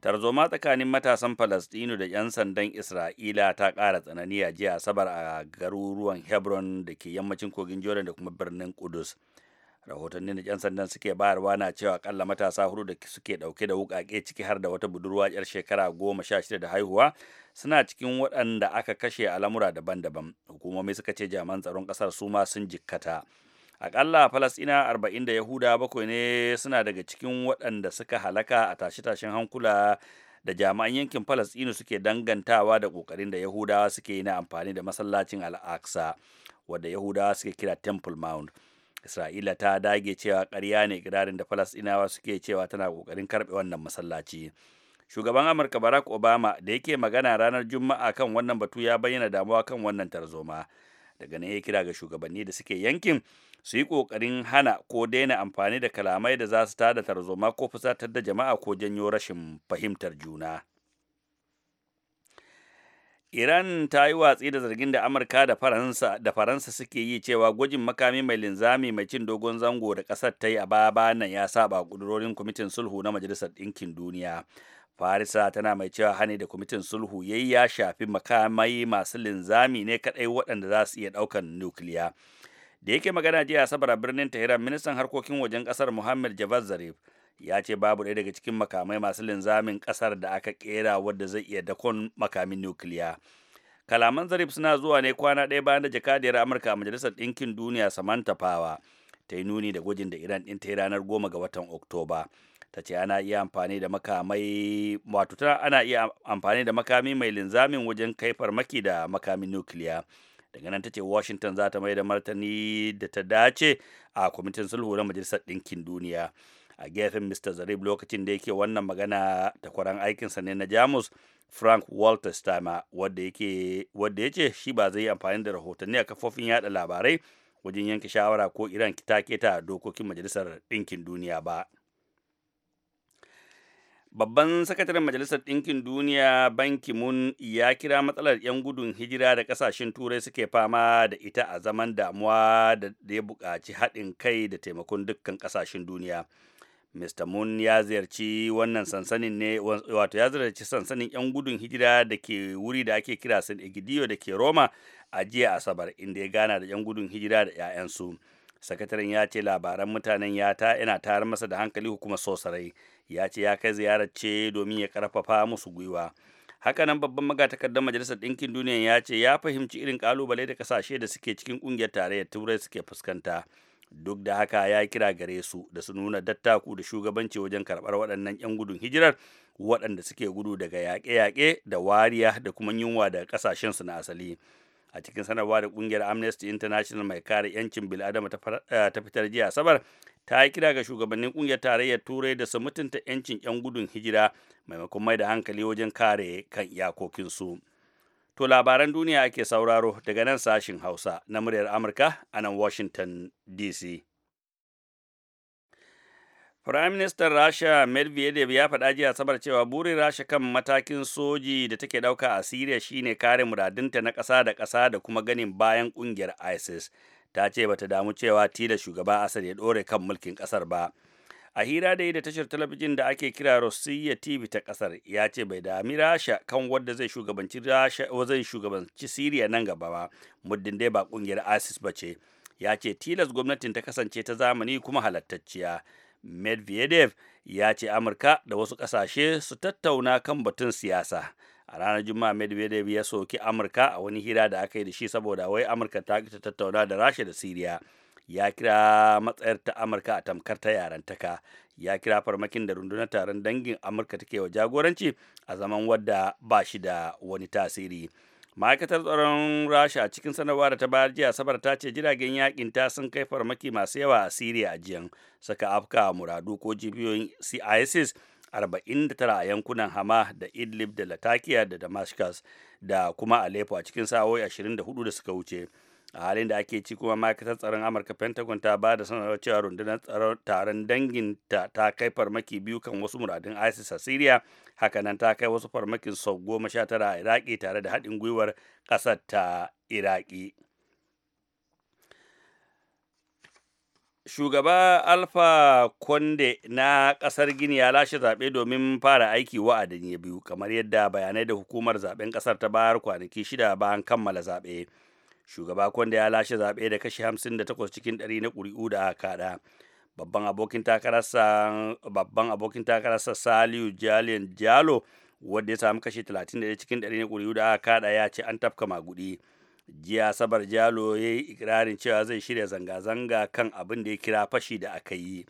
tarzoma tsakanin matasan falastinu da 'yan sandan isra'ila ta kara tsanani a jiya asabar a garuruwan hebron da ke yammacin kogin jordan da kuma birnin kudus rahotanni da 'yan sandan suke bayarwa na cewa akalla matasa hudu da suke dauke da wuƙaƙe ciki har da wata budurwa yar shekara goma sha shida da haihuwa suna cikin waɗanda aka kashe a daban-daban hukumomi suka ce jaman tsaron ƙasar su ma sun jikkata akalla falasina arba'in da yahuda bakwai ne suna daga cikin waɗanda suka halaka a tashe-tashen hankula da jami'an yankin falasinu suke dangantawa da ƙoƙarin da yahudawa suke yi na amfani da masallacin al'aqsa wadda yahudawa suke kira temple mount isra'ila ta dage cewa ƙarya ne kirarin da falasinawa suke cewa tana ƙoƙarin karɓe wannan masallaci shugaban amurka barack obama da yake magana ranar juma'a kan wannan batu ya bayyana damuwa kan wannan tarzoma daga nan ya kira ga shugabanni da suke yankin su yi ƙoƙarin hana ko daina amfani da kalamai da za su tada tarzoma ko fusatar da jama'a ko janyo rashin fahimtar juna. Iran ta yi watsi da zargin da Amurka da Faransa da Faransa suke yi cewa gwajin makami mai linzami mai cin dogon zango da ƙasar ta yi a baya nan ya saba ƙudurorin kwamitin sulhu na Majalisar Ɗinkin Duniya. Farisa tana mai cewa hani da kwamitin sulhu yayi ya shafi makamai masu linzami ne kaɗai waɗanda za su iya ɗaukan nukiliya. da yake magana jiya asabar a birnin tehran ministan harkokin wajen kasar muhammad javad zarif ya ce babu ɗaya daga cikin makamai masu linzamin kasar da aka kera wadda zai iya dakon makamin nukiliya kalaman zarif suna zuwa ne kwana ɗaya bayan da jakadiyar amurka a majalisar ɗinkin duniya samantha power ta yi nuni da gwajin da iran ɗin ta yi ranar goma ga watan oktoba ta ce ana iya amfani da makamai wato ana iya amfani da makami mai linzamin wajen kai farmaki da makamin nukiliya daga nan ta ce washington za ta mai da martani da ta dace a kwamitin sulhu na majalisar ɗinkin duniya a gefen mr zarif lokacin da yake wannan magana kwaran aikinsa ne na jamus frank walter stama wadda ya ce shi ba zai yi amfani da rahotanni a kafofin yada labarai wajen yanke shawara ko iran ta keta dokokin majalisar ɗinkin duniya ba Babban sakataren Majalisar Ɗinkin Duniya Banki Mun ya kira matsalar 'yan gudun hijira da ƙasashen Turai suke fama da ita a zaman damuwa da ya buƙaci haɗin kai da taimakon dukkan ƙasashen duniya. Mr. mun ya ziyarci wannan sansanin ne wato ya ziyarci sansanin 'yan gudun hijira da ke wuri da ake kira San Egidio da ke Roma a jiya Asabar inda ya gana da 'yan gudun hijira da 'ya'yansu. sakataren ya ce labaran mutanen ya ta yana tare masa da hankali hukuma sosarai ya ce ya kai ziyarar ce domin ya karfafa musu gwiwa hakanan babban magatakardar majalisar ɗinkin duniya ya ce ya fahimci irin kalubale da kasashe da suke cikin ƙungiyar tarayyar turai suke fuskanta duk da haka ya kira gare su da su nuna dattaku da shugabanci wajen karɓar waɗannan 'yan gudun hijirar waɗanda suke gudu daga yaƙe-yaƙe da wariya da kuma yunwa daga ƙasashensu na asali a cikin sanarwa da kungiyar amnesty international mai kare yancin bil'adama eh, ta fitar jiya asabar ta yi kira ga shugabannin kungiyar tarayyar turai da su mutunta yancin yan gudun hijira maimakon mai da hankali wajen kare kan iyakokinsu to labaran duniya ake sauraro daga nan sashin hausa na muryar amurka a nan washington dc Firaministan Rasha Medvedev ya faɗa jiya sabar cewa burin Rasha kan matakin soji da take ɗauka a Siriya shine kare muradinta na ƙasa da ƙasa da kuma ganin bayan ƙungiyar ISIS. Ta ce bata damu cewa tila shugaba Asad ya ɗore kan mulkin ƙasar ba. A hira da yi da tashar talabijin da ake kira Rossiya TV ta ƙasar ya ce bai dami Rasha kan wadda zai shugabanci Rasha zai shugabanci Siriya nan gaba ba muddin dai ba ƙungiyar ISIS ba ce. Ya ce tilas gwamnatin ta kasance ta zamani kuma halattacciya. medvedev ya ce amurka da wasu ƙasashe su tattauna kan batun siyasa a ranar juma'a medvedev ya soki amurka a wani hira da aka yi da shi saboda wai amurka ta ta tattauna da rasha da siriya ya kira matsayar ta amurka a tamkar ta yarantaka ya kira farmakin da rundunar taron dangin amurka take wa jagoranci a zaman wadda ba shi da wani tasiri ma'aikatar tsaron rasha a cikin sanarwa da ta bayar jiya asabar ta ce jiragen yakin ta sun kai farmaki masu yawa a siriya jiyan saka afka muradu ko jibiyoyin isis 49 a yankunan hama da idlib da latakia da damascus da kuma aleppo a cikin sa'o'i 24 da suka wuce a halin da ake ci kuma ma'aikatar tsaron amurka pentagon ta ba da sanarwar cewa rundunar taron dangin ta kai farmaki biyu kan wasu muradun isis a syria hakanan ta kai wasu farmakin sau goma sha tara a iraki tare da haɗin gwiwar ƙasar ta iraki shugaba alfa konde na kasar gini ya lashe zaɓe domin fara aiki wa'adin ya biyu kamar yadda bayanai da hukumar zaɓen ƙasar ta bayar kwanaki shida bayan kammala zaɓe shugaba kwanda ya lashe zaɓe da kashi 58 cikin 100 na ƙuri'u da aka kaɗa babban abokin takararsa babban abokin takararsa Saliu Jalin Jalo wanda ya samu kashi 31 cikin 100 na ƙuri'u da aka kada ya ce an tafka magudi jiya sabar Jalo ya yi ikirarin cewa zai shirya zanga-zanga kan abin da ya kira fashi da aka yi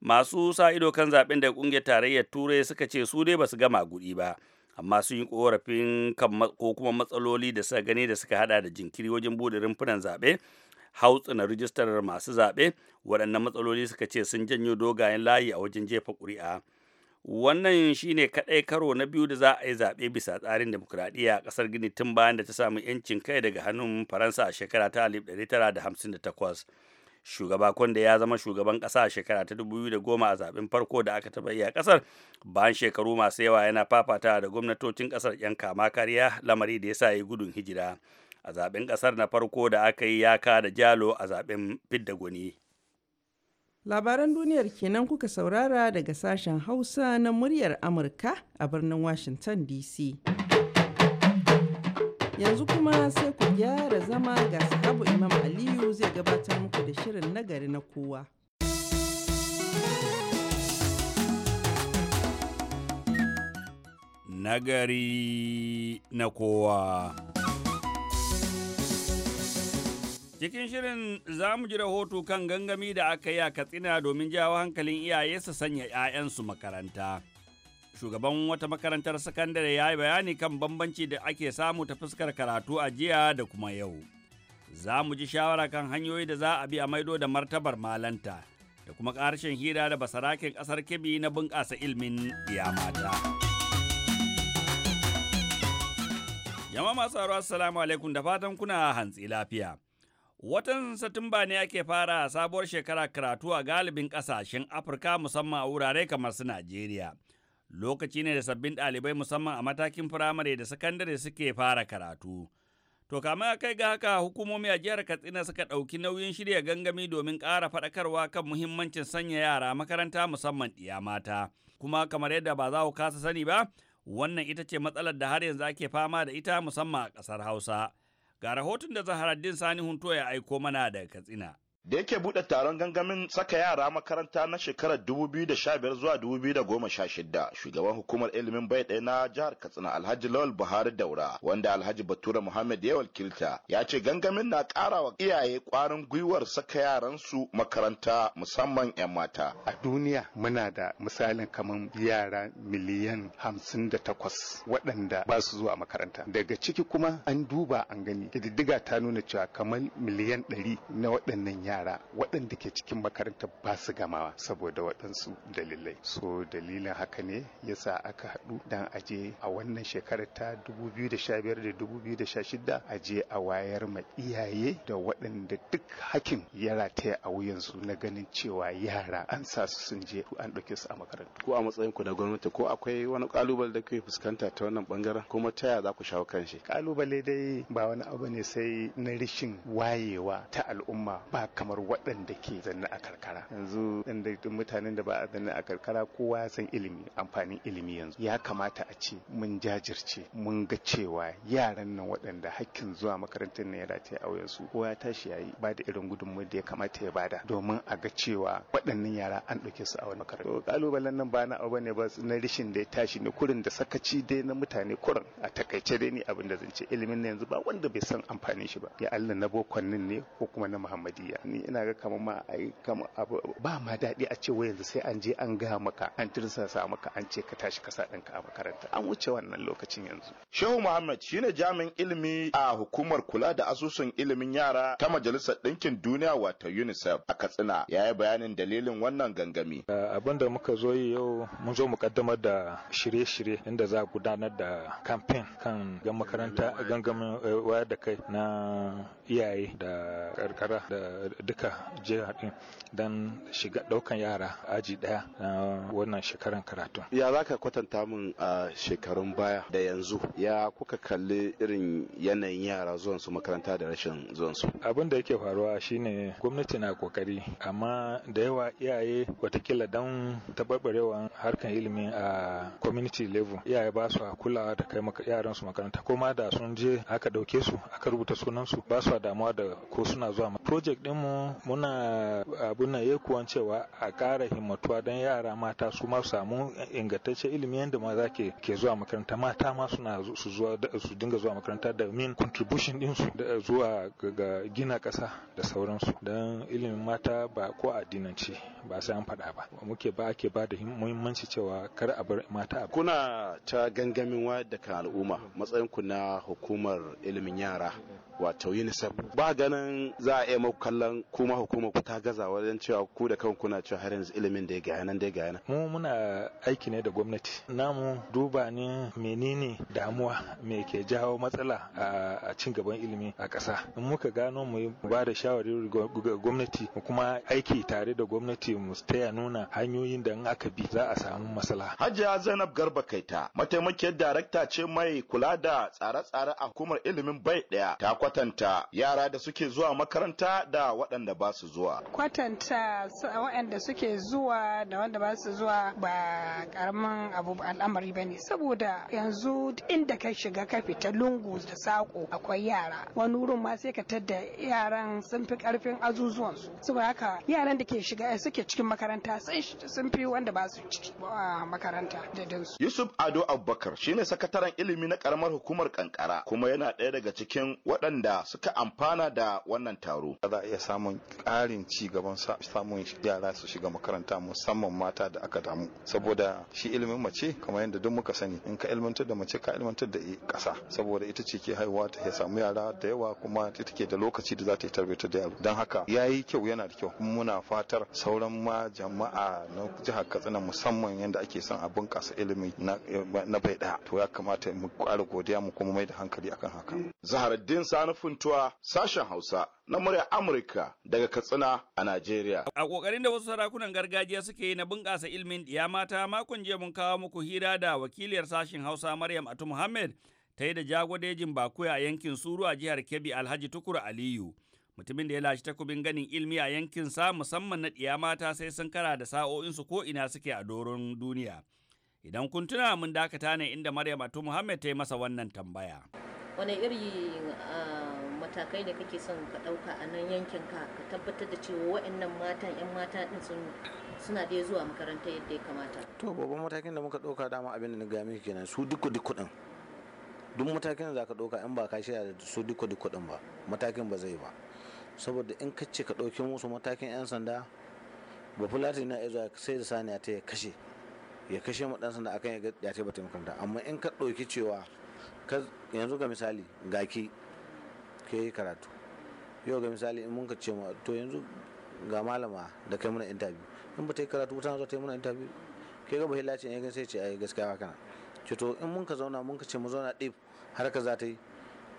masu sa ido kan zaɓen da ƙungiyar tarayyar turai suka ce su dai basu gama gudi ba amma sun yi korafin ko kuma matsaloli da suka gani da suka hada da jinkiri wajen bude rumfunan zaɓe hautsina rijistar masu zaɓe waɗannan matsaloli suka ce sun janyo dogayen layi a wajen jefa ƙuri'a wannan shine kaɗai karo na biyu da za a yi zaɓe bisa tsarin demokuraɗiyya a ƙasar gini tun bayan da ta samu 'yancin kai daga hannun faransa a shekara ta 1958 shugaba kwanda ya zama shugaban ƙasa a shekara ta da goma a zaben farko da aka taɓa yi a ƙasar bayan shekaru masu yawa yana fafata da gwamnatocin ƙasar 'yan kama kariya lamari da ya sa yi gudun hijira a zaben ƙasar na farko da aka yi yaka da jalo a zaben fidda gwani labaran duniyar kenan kuka saurara daga sashen hausa na muryar amurka a birnin washington dc Yanzu kuma sai ku gyara zama ga sahabu Imam Aliyu zai gabatar muku da shirin nagari na kowa. Nagari na kowa. Cikin shirin za mu ji rahoto kan gangami da aka yi a Katsina domin jawo hankalin iyaye su sanya 'ya'yansu makaranta. shugaban wata makarantar sakandare ya yi bayani kan bambanci da ake samu ta fuskar karatu a jiya da kuma yau. Za mu ji shawara kan hanyoyi da za a bi a maido da martabar malanta da kuma ƙarshen hira da basarakin ƙasar kebi na bunƙasa ilimin mata. Yama masu haro assalamu alaikum da fatan kuna hantsi lafiya. Watan Satumba ne ake fara sabuwar shekara karatu a galibin ƙasashen Afirka musamman a wurare kamar su Najeriya. lokaci ne da sabbin ɗalibai musamman a matakin firamare da sakandare suke fara karatu. To kamar a kai ga haka hukumomi a jihar Katsina suka ɗauki nauyin shirya gangami domin ƙara faɗakarwa kan muhimmancin sanya yara makaranta musamman ɗiya mata. Kuma kamar yadda ba za ku kasa sani ba, wannan ita ce matsalar da har yanzu ake fama da ita musamman a ƙasar Hausa. Ga rahoton da Zaharaddin Sani Hunto ya aiko mana daga Katsina. da yake buɗe taron gangamin saka yara makaranta na shekarar 2015 zuwa 2016 shugaban hukumar ilimin bai ɗaya na jihar katsina alhaji lawal buhari daura wanda alhaji bature muhammad ya wakilta ya ce gangamin na ƙara wa iyaye ƙwarin gwiwar saka yaransu makaranta musamman 'yan mata a duniya muna da misalin kamar yara miliyan 58 waɗanda ba su zuwa makaranta daga ciki kuma an duba an gani ƙididdiga ta nuna cewa kamar miliyan 100 na waɗannan yara yara waɗanda ke cikin makaranta ba su gamawa saboda waɗansu dalilai so dalilin haka ne ya sa aka haɗu dan aje a wannan shekarar ta 2015 2016 aje a wayar ma iyaye da waɗanda duk hakin ya rataya a wuyansu na ganin cewa yara an sa su sun je an ɗauke su a makaranta. ko a matsayin ku na gwamnati ko akwai wani kalubale da ke fuskanta ta wannan bangaren kuma ta yaya za ku shawo kan shi kalubale dai ba wani abu ne sai na rishin wayewa ta al'umma ba kamar waɗanda ke zanne a karkara yanzu inda mutanen da ba a zanne a karkara kowa ya san ilimi amfanin ilimi yanzu ya kamata a ce mun jajirce mun ga cewa yaran nan waɗanda hakkin zuwa makarantar ne ya dace a su kowa ya tashi yayi ba da irin gudunmawar da ya kamata ya bada domin a ga cewa waɗannan yara an ɗauke su a wani makaranta kalubalen nan ba na abu ne ba na rishin da ya tashi ne kurin da sakaci dai na mutane kurin a takaice dai ni abin da zan ce ilimin na yanzu ba wanda bai san amfanin shi ba ya Allah na bokon nan ne ko kuma na Muhammadiyya ni ina ga kamar ma ai kamar abu ba ma daɗi a cewa yanzu sai an je an ga maka an tirsasa maka an ce ka tashi ka sa ɗanka a makaranta an wuce wannan lokacin yanzu Shehu Muhammad shine jami'in ilimi a hukumar kula da asusun ilimin yara ta Majalisar Ɗinkin Duniya wato UNICEF a Katsina ya yi bayanin dalilin wannan gangami eh, abin da muka zo yi yau mun zo mu kaddamar da shirye-shirye inda za a gudanar da kamfen kan gan makaranta gangamin eh, wayar da kai na iyaye da karkara da duka jiha din don shiga daukan yara aji daya na wannan shekaran karatu ya za ka kwatanta min a shekarun baya da yanzu ya kuka kalli irin yanayin yara zuwan su makaranta da rashin zuwan su abin da yake faruwa shine gwamnati na kokari amma da yawa iyaye watakila don tabarbarewan harkan ilimi a community level iyaye ba su kulawa da kai yaran su makaranta ko ma da sun je aka dauke su aka rubuta sunan su ba su damuwa da ko suna zuwa project din mu muna abin kuwan cewa a ƙara himmatuwa don yara mata su ma samu ingantaccen ilimi yadda maza ke ke zuwa makaranta mata ma suna su zuwa su dinga zuwa makaranta da min contribution din su zuwa ga gina ƙasa da sauransu don ilimin mata ba ko addinance ba sai an faɗa ba muke ba ake ba da muhimmanci cewa kar a bar mata kuna ta gangamin wayar da kan al'umma matsayin ku na hukumar ilimin yara wato UNICEF ba ganin za a iya muku kallon kuma hukumar ku ta gaza wajen cewa ku da kanku na cewa har yanzu ilimin da ya gaya nan da ya gaya nan mu muna aiki ne da gwamnati namu duba ne menene damuwa me ke jawo matsala a cin gaban ilimi a ƙasa in muka gano mu ba da shawari ga gwamnati kuma aiki tare da gwamnati mu taya nuna hanyoyin da in aka bi za a samu masala hajiya zainab garba kaita mataimakiyar darakta ce mai kula da tsare-tsare a hukumar ilimin bai ɗaya ta kwatanta yara da suke zuwa makaranta da waɗanda waɗanda ba su zuwa. Kwatanta waɗanda suke zuwa da wanda ba su zuwa ba karamin abu al'amari ba ne saboda yanzu inda ka shiga ka fita lungu da saƙo akwai yara wani wurin ma sai ka tadda yaran sun fi ƙarfin azuzuwansu saboda haka yaran da ke shiga eh, suke cikin makaranta sun fi wanda ba su ciki makaranta da dinsu. Yusuf Ado Abubakar shine sakataren ilimi na karamar hukumar kankara kuma yana ɗaya daga cikin waɗanda suka amfana da wannan taro. Za a iya samun ƙarin ci gaban samun yara su shiga makaranta musamman mata da aka damu saboda shi ilimin mace kamar yadda duk muka sani in ka ilmantar da mace ka ilmantar da ƙasa saboda ita ce ke haihuwa ta samu yara da yawa kuma ita take da lokaci da za ta yi tarbiyyar da yaro don haka ya yi kyau yana da kyau kuma muna fatar sauran ma jama'a na jihar Katsina musamman yadda ake son a bunƙasa ilimi na bai ɗaya to ya kamata mu ƙara godiya mu kuma mai da hankali akan haka. Zaharaddin Sani sashen Hausa na murya Amurka daga Katsina a Najeriya. A kokarin da wasu sarakunan gargajiya suke yi na bunƙasa ilimin ɗiya mata makon jiya mun kawo muku hira da wakiliyar sashen Hausa Maryam Atu Muhammad ta yi da jagodejin Bakuya a yankin Suru a jihar Kebbi Alhaji Tukur Aliyu. Mutumin da ya lashe takubin ganin ilimi a yankin sa musamman na ɗiya mata sai sun kara da sa'o'insu ko ina suke a doron duniya. Idan kun tuna mun dakata ne inda Maryam Atu Muhammad ta yi masa wannan tambaya. Wani iri ah, matakai da kake son ka ɗauka a nan yankin ka ka tabbatar da cewa waɗannan matan 'yan mata ɗin sun suna da zuwa makaranta yadda ya kamata to babban matakin da muka ɗauka dama abin da na gaya miki kenan su duk duk kuɗin duk matakin da zaka ɗauka in ba ka shirya da su duk duk kuɗin ba matakin ba zai ba saboda in ka ce ka ɗauki musu matakin 'yan sanda ba fulatin na zuwa sai da saniya ta ya kashe ya kashe mu ɗan sanda akan ya ta ba ta makaranta amma in ka ɗauki cewa yanzu ga misali gaki ke karatu yau ga misali in mun ka ce to yanzu ga malama da kai muna interview in ba ta yi karatu wata zo ta yi muna interview ke ga bahila ce eh, yankin sai ce yi gaskiya ba kana ce to in mun ka zauna mun ka ce mu zauna dip har ka za ta yi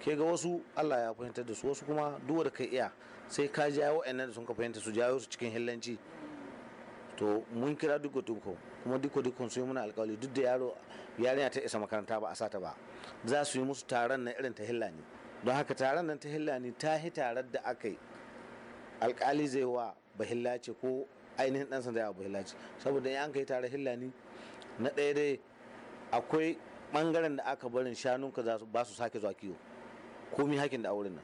ke ga wasu Allah ya fahimtar da su wasu kuma duk da kai iya sai ka jawo wa'annan da sun ka fahimta su jawo su cikin hillanci to mun kira duk dukko kuma duk dukkan su yi muna alkawali duk da yaro yarinya ta isa makaranta ba a sata ba za su yi musu taron na irin ta hilla ne don haka taron nan ta hillani ta hi taron da aka yi alkali zai wa bahilla ce ko ainihin ɗan sanda ya bahilla ce saboda in an kai taron ne na ɗaya dai akwai ɓangaren da aka barin ka ba su sake zuwa kiwo komi hakin da auren nan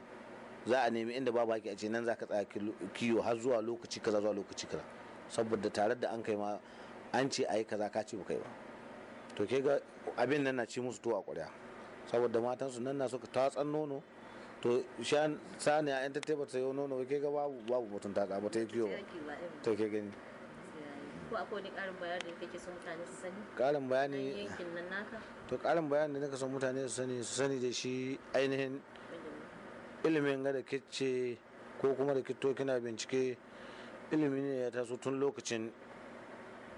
za a nemi inda babu haki a ce nan za ka tsaya kiwo har zuwa lokaci kaza zuwa lokaci kaza saboda taron da an kai ma an ce a yi kaza ka ce ba kai ba to ke ga abin nan na ci musu tuwa ƙwarya saboda matan su nan na suka tatsan nono to saniya yan ta taibata yau nono ke ga babu babu mutum ta ba ta yi kiyo ba ta ke gani ko akwai karin bayani da kake son mutane su sani karin bayani yankin nan naka to karin bayani da naka son mutane su sani su sani da shi ainihin ilimin ga da kicce ko kuma da kitto kina bincike ilimi ne ya taso tun lokacin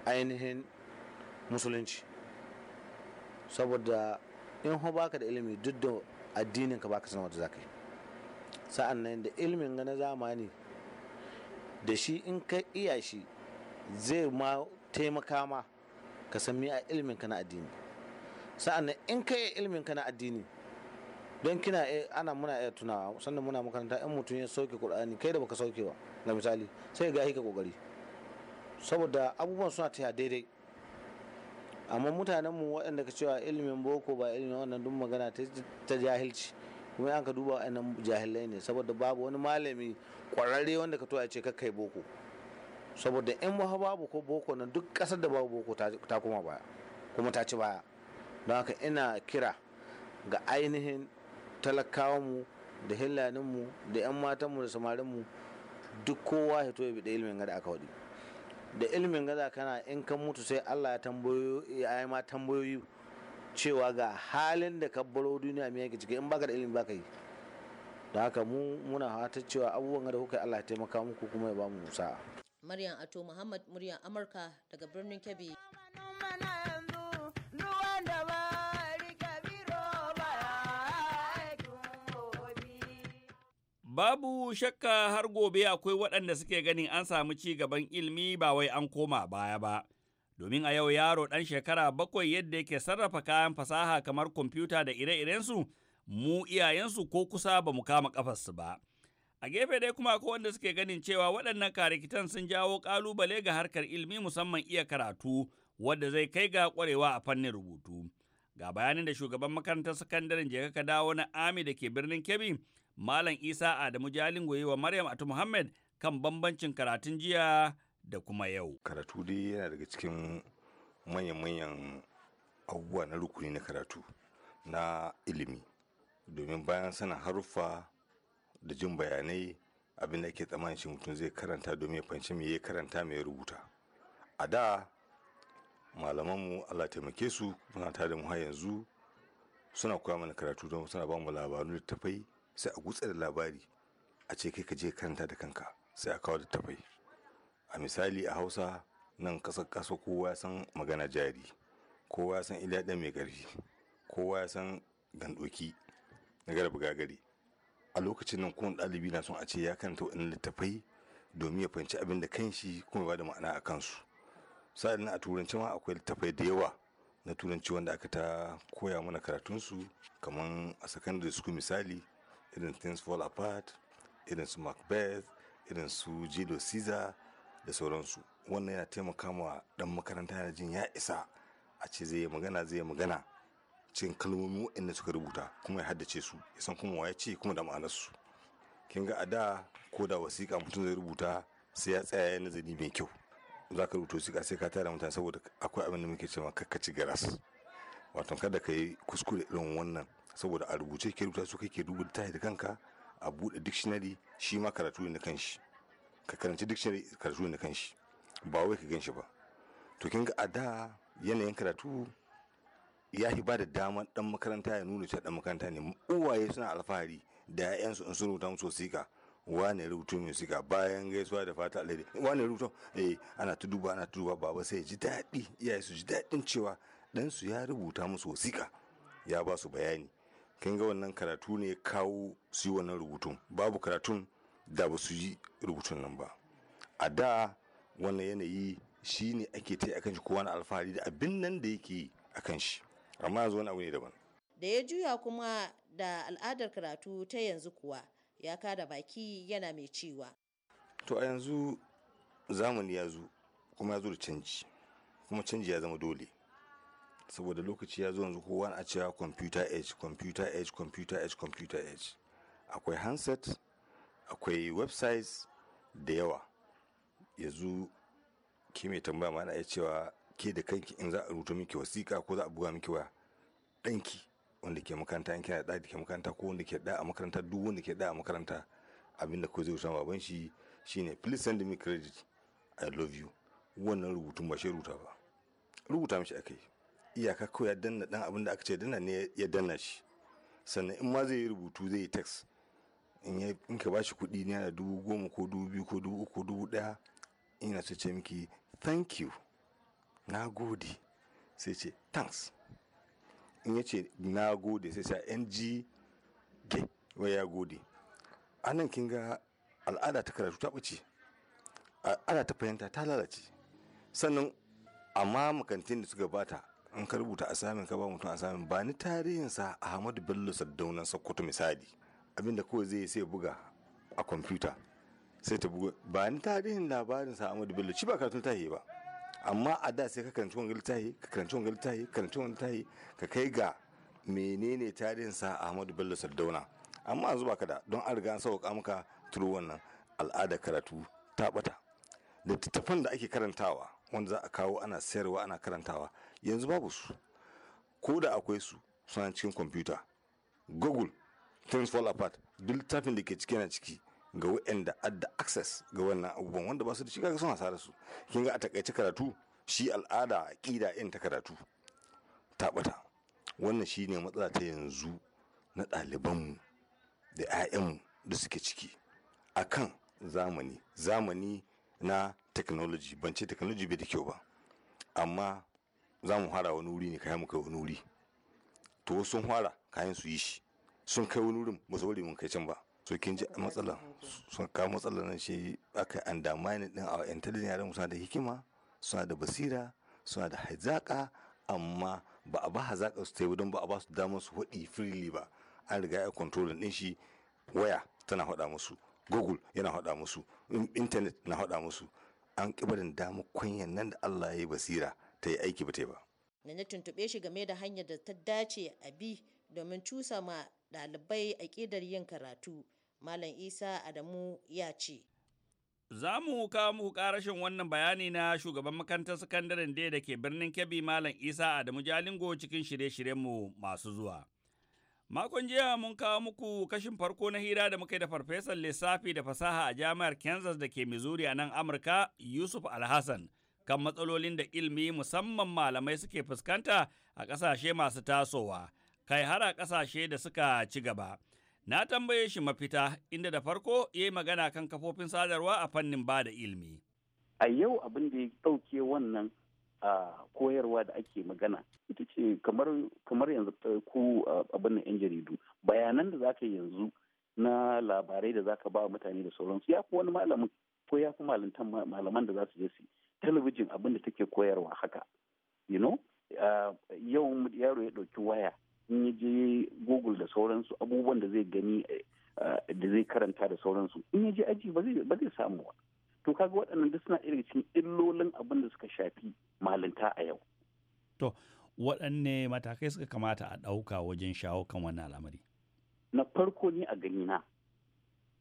ainihin musulunci saboda in ho baka da ilimi duk da addinin ka baka sanar da zaka yi sa'an nan da ilimin ga na zamani da shi in ka iya shi zai ma taimaka ma ka san mi a ilimin ka na addini sa'an nan in ka iya ilimin ka na addini don kina ana muna iya tunawa sannan muna makaranta in mutum ya sauke kur'ani kai da baka sauke ba ga misali sai ga hika kokari saboda abubuwan suna taya daidai amma mutanen mu waɗanda ka cewa ilimin boko ba ilimin wannan duk magana ta jahilci kuma an ka duba wa'annan jahilai ne saboda babu wani malami kwararre wanda ka toya ce kai boko saboda in ba babu ko boko nan duk ƙasar da babu boko ta kuma baya kuma ta ci baya don haka ina kira ga ainihin talakawanmu da hillaninmu da 'yan matanmu da samarinmu duk kowa ya to ya bi da ilimin gada aka wadi da ilimin gaza kana in kan mutu sai Allah ya tambayo ma tambayoyi cewa ga halin da ka baro duniya mai yake ciki in baka da ilimi baka yi da haka mu muna hata cewa abubuwan da kuka Allah ya taimaka muku kuma ya ba mu sa'a Maryam Ato Muhammad muryar Amurka daga birnin Kebbi Babu shakka har gobe akwai waɗanda suke ganin an samu ci gaban ilimi ba wai an koma baya ba. Domin a yau yaro ɗan shekara bakwai yadda yake sarrafa kayan fasaha kamar kwamfuta da ire-irensu, mu iyayensu ko kusa ba mu kama ƙafarsu ba. A gefe dai kuma akwai wanda suke ganin cewa waɗannan karikitan sun jawo ƙalubale ga harkar ilimi musamman iya karatu, wadda zai kai ga ƙwarewa a fannin rubutu. Ga bayanin da shugaban makarantar sakandaren Jeka Dawo na Ami da ke birnin Kebbi, Malam Isa Adamu Jalin goyi wa Maryam Atu Muhammad kan bambancin karatun jiya da kuma yau. Karatu dai yana daga cikin manyan-manyan abubuwa na rukuni na karatu na ilimi. Domin bayan sana haruffa da jin bayanai abin da ke tsammanin shi mutum zai karanta domin ya fahimci me ya karanta me ya rubuta. A da malamanmu Allah taimake su muna tare da mu har yanzu suna koya mana karatu don suna ba mu labaru littattafai sai a gutsa da labari a ce kai ka je karanta da kanka sai a kawo da a misali a hausa nan kasar kasa kowa ya san magana jari kowa ya san ilyaɗa mai ƙarfi kowa ya san gandoki na garba gagari. a lokacin nan kowane ɗalibi na son a ce ya karanta waɗannan littafai domin ya fahimci abin da kan shi kuma ba da ma'ana a kansu sa'an a turanci ma akwai littafai da yawa na turanci wanda aka ta koya mana karatunsu kamar a secondary school misali irin things fall apart irin su macbeth irin su jido caesar da sauransu wannan yana taimaka ma dan makaranta yana jin ya isa a ce zai yi magana zai yi magana cikin kalmomi waɗanda suka rubuta kuma ya haddace su isan kuma wa ya ce kuma da ma'anarsu kin ga a da ko da wasiƙa mutum zai rubuta sai ya tsaya ya nazari mai kyau za ka rubuta wasiƙa sai ka tara mutane saboda akwai abin da muke cewa kakkaci garas wato kada ka yi kuskure irin wannan saboda a rubuce ke rubuta su kake duba littafi da kanka a bude dictionary shi ma karatu ne na kanshi ka karanci dictionary karatu ne na kanshi ba wai ka ganshi ba to kin ga a da yanayin karatu ya yi ba da damar dan makaranta ya nuna cewa dan makaranta ne uwaye suna alfahari da su in sun rubuta musu sika wane rubutu sika bayan gaisuwa da fata alheri wane rubutu eh ana ta duba ana ta duba baba sai ji daɗi iyaye su ji daɗin cewa ɗansu ya rubuta musu sika ya ba su bayani kin ga wannan karatu ne ya kawo su yi wannan rubutun babu karatun da ba su yi rubutun nan ba a da wannan yanayi shi ne ake ta akan shi kowa na alfahari da abin nan da yake akan shi amma yanzu wani abu ne daban da ya juya kuma da al'adar karatu ta yanzu kuwa ya kada baki yana mai cewa to a yanzu zamani ya zo kuma ya zo da canji kuma canji ya zama dole saboda lokaci ya zo yanzu kowa a cewa computer age computer age computer age computer age akwai handset akwai websites da yawa yanzu ke mai tambaya ma na cewa ke da kanki in za a rubuta miki wasiƙa ko za a buga miki waya ɗanki wanda ke makaranta in kina da ke makaranta ko wanda ke da a makaranta duk wanda ke da a makaranta abin da ko zai rubuta baban shi shine please send me credit i love you wannan rubutun ba shi rubuta ba rubuta mishi akai iyaka ko ya danna dan abin da aka ce danna ne ya danna shi sannan in ma zai yi rubutu zai yi text in ka bashi kuɗi ne da dubu goma ko dubu biyu ko dubu uku dubu ɗaya ina ta ce miki thank you na gode sai ce thanks in ya ce na gode sai sa ng ge wai ya gode anan kin ga al'ada ta karatu ta ɓace al'ada ta fahimta ta lalace sannan amma makantin da suka bata in ka rubuta asamin ka ba mutum asamin ba ni tarihinsa ahmadu bello saddaunan sokoto misali abinda kawai zai sai buga a kwamfuta sai ta buga ba ni tarihin labarin sa ahmadu bello shi ba karatun tahi ba amma a da sai ka karanci wani yi ka karanci wani littafi ka karanci wani littafi ka kai ga menene tarihin sa ahmadu bello sardauna amma yanzu ka da don an riga an sauka maka turu wannan al'ada karatu ta bata littattafan da ake karantawa wanda za a kawo ana sayarwa ana karantawa yanzu babu su ko da akwai su suna cikin kwamfuta google things fall apart duk littafin da ke ciki na ciki ga wa'anda adda access ga wannan abubuwan wanda ba su da shi kaga suna sare su kin ga a takaice karatu shi al'ada a aqida in ta karatu tabata wannan shine matsala ta yanzu na ɗalibanmu da mu da suke ciki a kan zamani zamani na technology ban ce technology bai da kyau ba amma za mu fara wani wuri ne kai mu kai wani wuri to sun fara kayan su yi shi sun kai wani wurin ba su bari mun kai can ba so kin ji matsala sun kawo matsala nan shi aka andamani din a intelligence yaran suna da hikima suna da basira suna da hazaka amma ba a ba hazaka su ta yi don ba a ba su damar su hudi freely ba an riga ya control din shi waya tana hada musu google yana hada musu internet na hada musu an kibarin damar kunyan nan da Allah ya yi basira ta yi aiki ba ba Na na tuntuɓe shi game da hanyar da ta dace a bi domin cusa ma ɗalibai aƙidar yin karatu malam isa adamu ya ce Za mu kawo muku ƙarashin wannan bayani na shugaban makarantar sakandaren da da ke birnin Kebbi Malam Isa Adamu Jalingo cikin shirye shiryen mu masu zuwa. Makon jiya mun kawo muku kashin farko na hira da muka yi da farfesan lissafi da fasaha a jami'ar Kansas da ke Missouri a nan Amurka Yusuf Alhassan kan matsalolin da ilmi musamman malamai suke fuskanta a ƙasashe masu tasowa, kai har a ƙasashe da suka ci gaba. Na tambaye shi mafita inda da farko ya yi magana kan kafofin sadarwa a fannin ba da ilmi. A yau abin da ya ɗauke wannan a koyarwa da ake magana ita ce kamar yanzu ku abin yan jaridu bayanan da zaka yanzu na labarai da zaka ba mutane da sauransu ya fi wani malamin ko ya fi malaman da za su je su talabijin abin da take koyarwa haka you know ah, yau yaro ya ɗauki waya in ya je google da sauransu abubuwan da zai gani ah, da zai karanta da sauransu in ya je aji ba zai samu ba to kaga waɗannan duk suna irin cikin illolin abin da suka shafi malinta a yau to waɗanne matakai suka kamata a ɗauka wajen shawo kan wannan al'amari na farko ne a gani na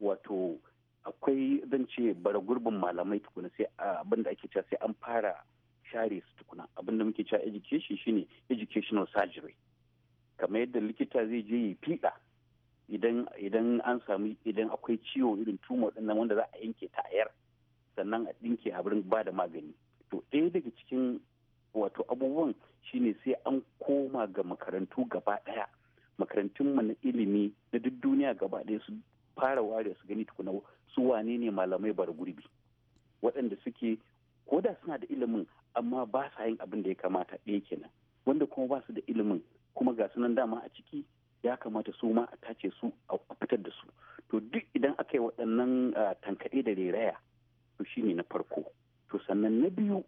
wato akwai zan ce bara gurbin malamai tukuna sai abin da ake cewa sai an fara share su tukuna abin da muke cewa education shine educational surgery kamar yadda likita zai je ya fiɗa idan an samu idan akwai ciwo irin tumor din nan wanda za a yanke ta ayar sannan a dinke a wurin ba da magani to ɗaya daga cikin wato abubuwan shine sai an koma ga makarantu gaba ɗaya makarantun mu na ilimi na duk duniya gaba ɗaya su fara ware su gani tukuna su wane ne malamai bar gurbi waɗanda suke ko da suna da ilimin amma ba sa yin abin da ya kamata ɗaya kenan wanda kuma ba su da ilimin kuma ga sunan dama a ciki ya kamata su ma a tace su a fitar da su to duk idan aka yi waɗannan ah, tankaɗe da reraya to shine na farko to sannan na biyu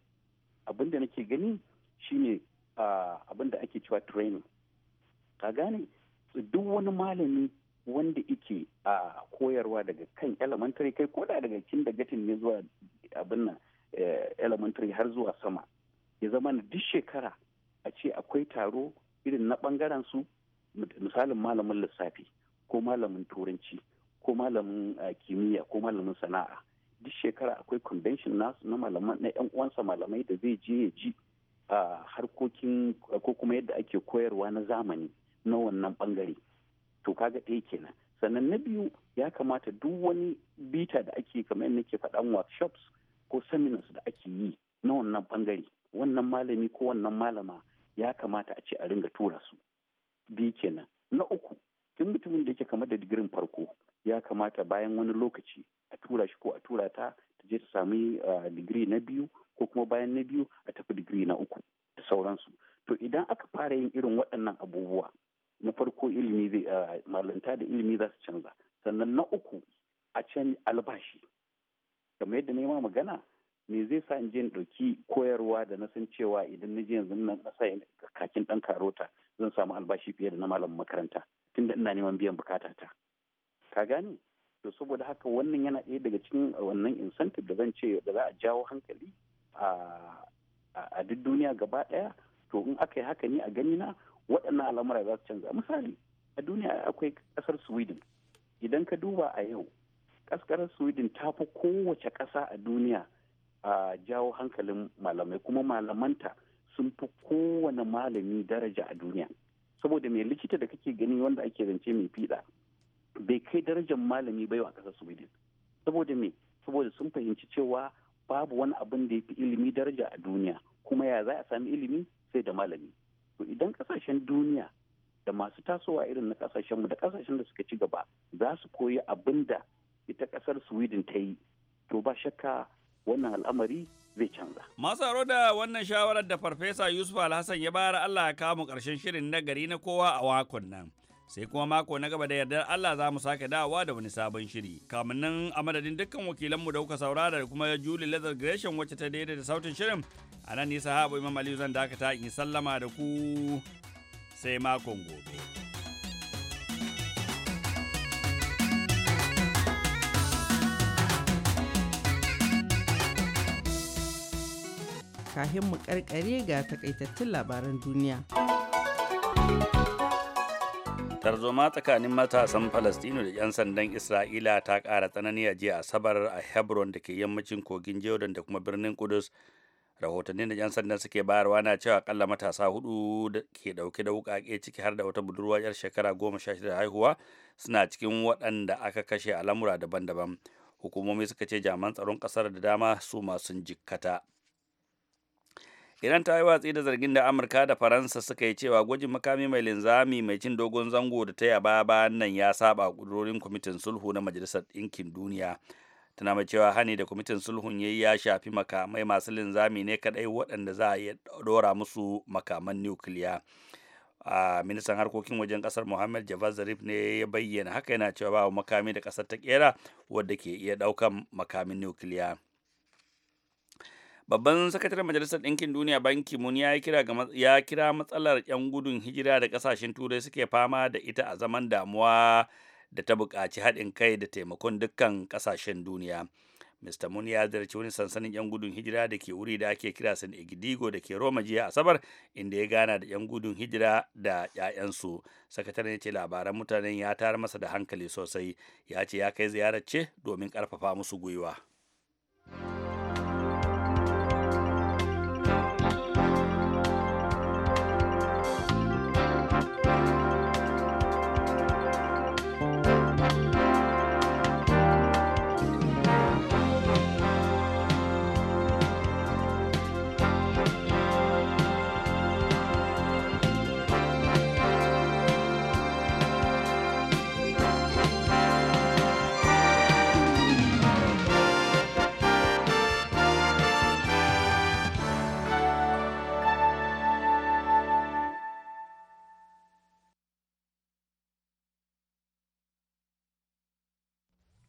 abin da nake gani shine ah, abin da ake cewa training ka gane duk wani malami wanda ike a koyarwa daga kan elementary kai ko da daga kin da gatin ne zuwa abin nan eh, elementary har zuwa sama ya zama na duk shekara a ce akwai taro irin na bangaren su misalin malamin lissafi ko malamin turanci ko malamin eh, kimiyya ko malamin sana'a duk shekara akwai convention na malaman na yan uwansa malamai da zai je ya ji a harkokin ko kuma yadda ake koyarwa na zamani na wannan bangare to ga ɗaya eh kenan sannan na biyu ya kamata duk wani bita da ake kamar yadda nake faɗan workshops ko seminars da ake yi na wannan bangare wannan malami ko wannan malama ya kamata a ce a ringa tura su biyu kenan na uku duk mutumin da yake kamar da digirin farko ya kamata bayan wani lokaci a tura shi ko a tura ta ta je ta sami ah, digiri na biyu ko kuma bayan na biyu a tafi digiri na uku da sauransu to idan aka fara yin irin waɗannan abubuwa na farko ilimi zai malanta da ilimi za su canza sannan na uku a can albashi kamar yadda nema magana me zai sa in je in ɗauki koyarwa da na san cewa idan na ji yanzu nan sa kakin ɗan karota zan samu albashi fiye da na malamin makaranta tunda ina neman biyan bukata ta ka gane to saboda haka wannan yana ɗaya daga cikin wannan incentive da zan ce da za a jawo hankali a duk duniya gaba ɗaya to in aka yi haka ne a gani na waɗannan al'amura za su canza misali a duniya akwai ƙasar sweden idan ka duba a yau ƙasar sweden ta fi kowace ƙasa a duniya a jawo hankalin malamai kuma malamanta sun fi kowane malami daraja a duniya saboda mai likita da kake gani wanda ake zance mai fiɗa bai kai darajar malami bai wa ƙasar sweden saboda me saboda sun fahimci cewa babu wani abin da ya fi ilimi daraja a duniya kuma ya za a sami ilimi sai da malami to idan kasashen duniya da masu tasowa irin na kasashenmu da kasashen da suka ci gaba za su koyi abin da ita kasar sweden ta yi to ba shakka wannan al'amari zai canza. Masu da wannan shawarar da Farfesa Yusuf Alhassan ya bayar Allah ya kama karshen shirin nagari na kowa a wakon nan. sai kuma mako na gaba da yardar Allah za mu sake dawowa da wani sabon shiri. Kamun nan a madadin dukkan wakilanmu da kuka saurara da kuma Julie Leather Gresham wacce ta daidaita sautin shirin. A nan nisa habu Imam Aliyu zan dakata in sallama da ku sai makon gobe. Kahin mu karkare ga takaitattun labaran duniya. tarzoma tsakanin matasan falastinu da 'yan sandan isra'ila ta ƙara tsanani a jiya asabar a hebron da ke yammacin kogin jordan da kuma birnin kudus rahotanni da 'yan sandan suke bayarwa na cewa akalla matasa hudu da ke dauke da wukake ciki har da wata budurwa 'yar shekara goma sha shida haihuwa suna cikin waɗanda aka kashe alamura daban-daban hukumomi suka ce jaman tsaron ƙasar da dama su masu jikkata idan ta yi watsi da zargin da Amurka da Faransa suka yi cewa gwajin makami mai linzami mai cin dogon zango da ta yaba bayan nan ya saba kudurorin kwamitin sulhu na Majalisar Ɗinkin Duniya. Tana mai cewa hani da kwamitin sulhun ya ya shafi makamai masu linzami ne kadai waɗanda za a iya ɗora musu makaman nukiliya. a ministan harkokin wajen kasar Muhammad Javad Zarif ne ya bayyana haka yana cewa ba makami da kasar ta kera wadda ke iya ɗaukan makamin nukiliya. babban sakataren majalisar ɗinkin duniya banki mun ya kira ya kira matsalar 'yan gudun hijira da ƙasashen turai suke fama da ita a zaman damuwa da ta buƙaci haɗin kai da taimakon dukkan ƙasashen duniya Mr. Mun ya zarci wani sansanin 'yan gudun hijira da ke wuri da ake kira San igidigo da ke Roma jiya Asabar inda ya gana da 'yan gudun hijira da 'ya'yansu. Sakataren ya ce labaran mutanen ya tara masa da hankali sosai. Ya ce ya kai ziyararce domin ƙarfafa musu gwiwa.